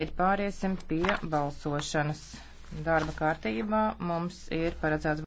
Tagad pāriesim pie balsošanas. Darba kārtībā mums ir paredzēts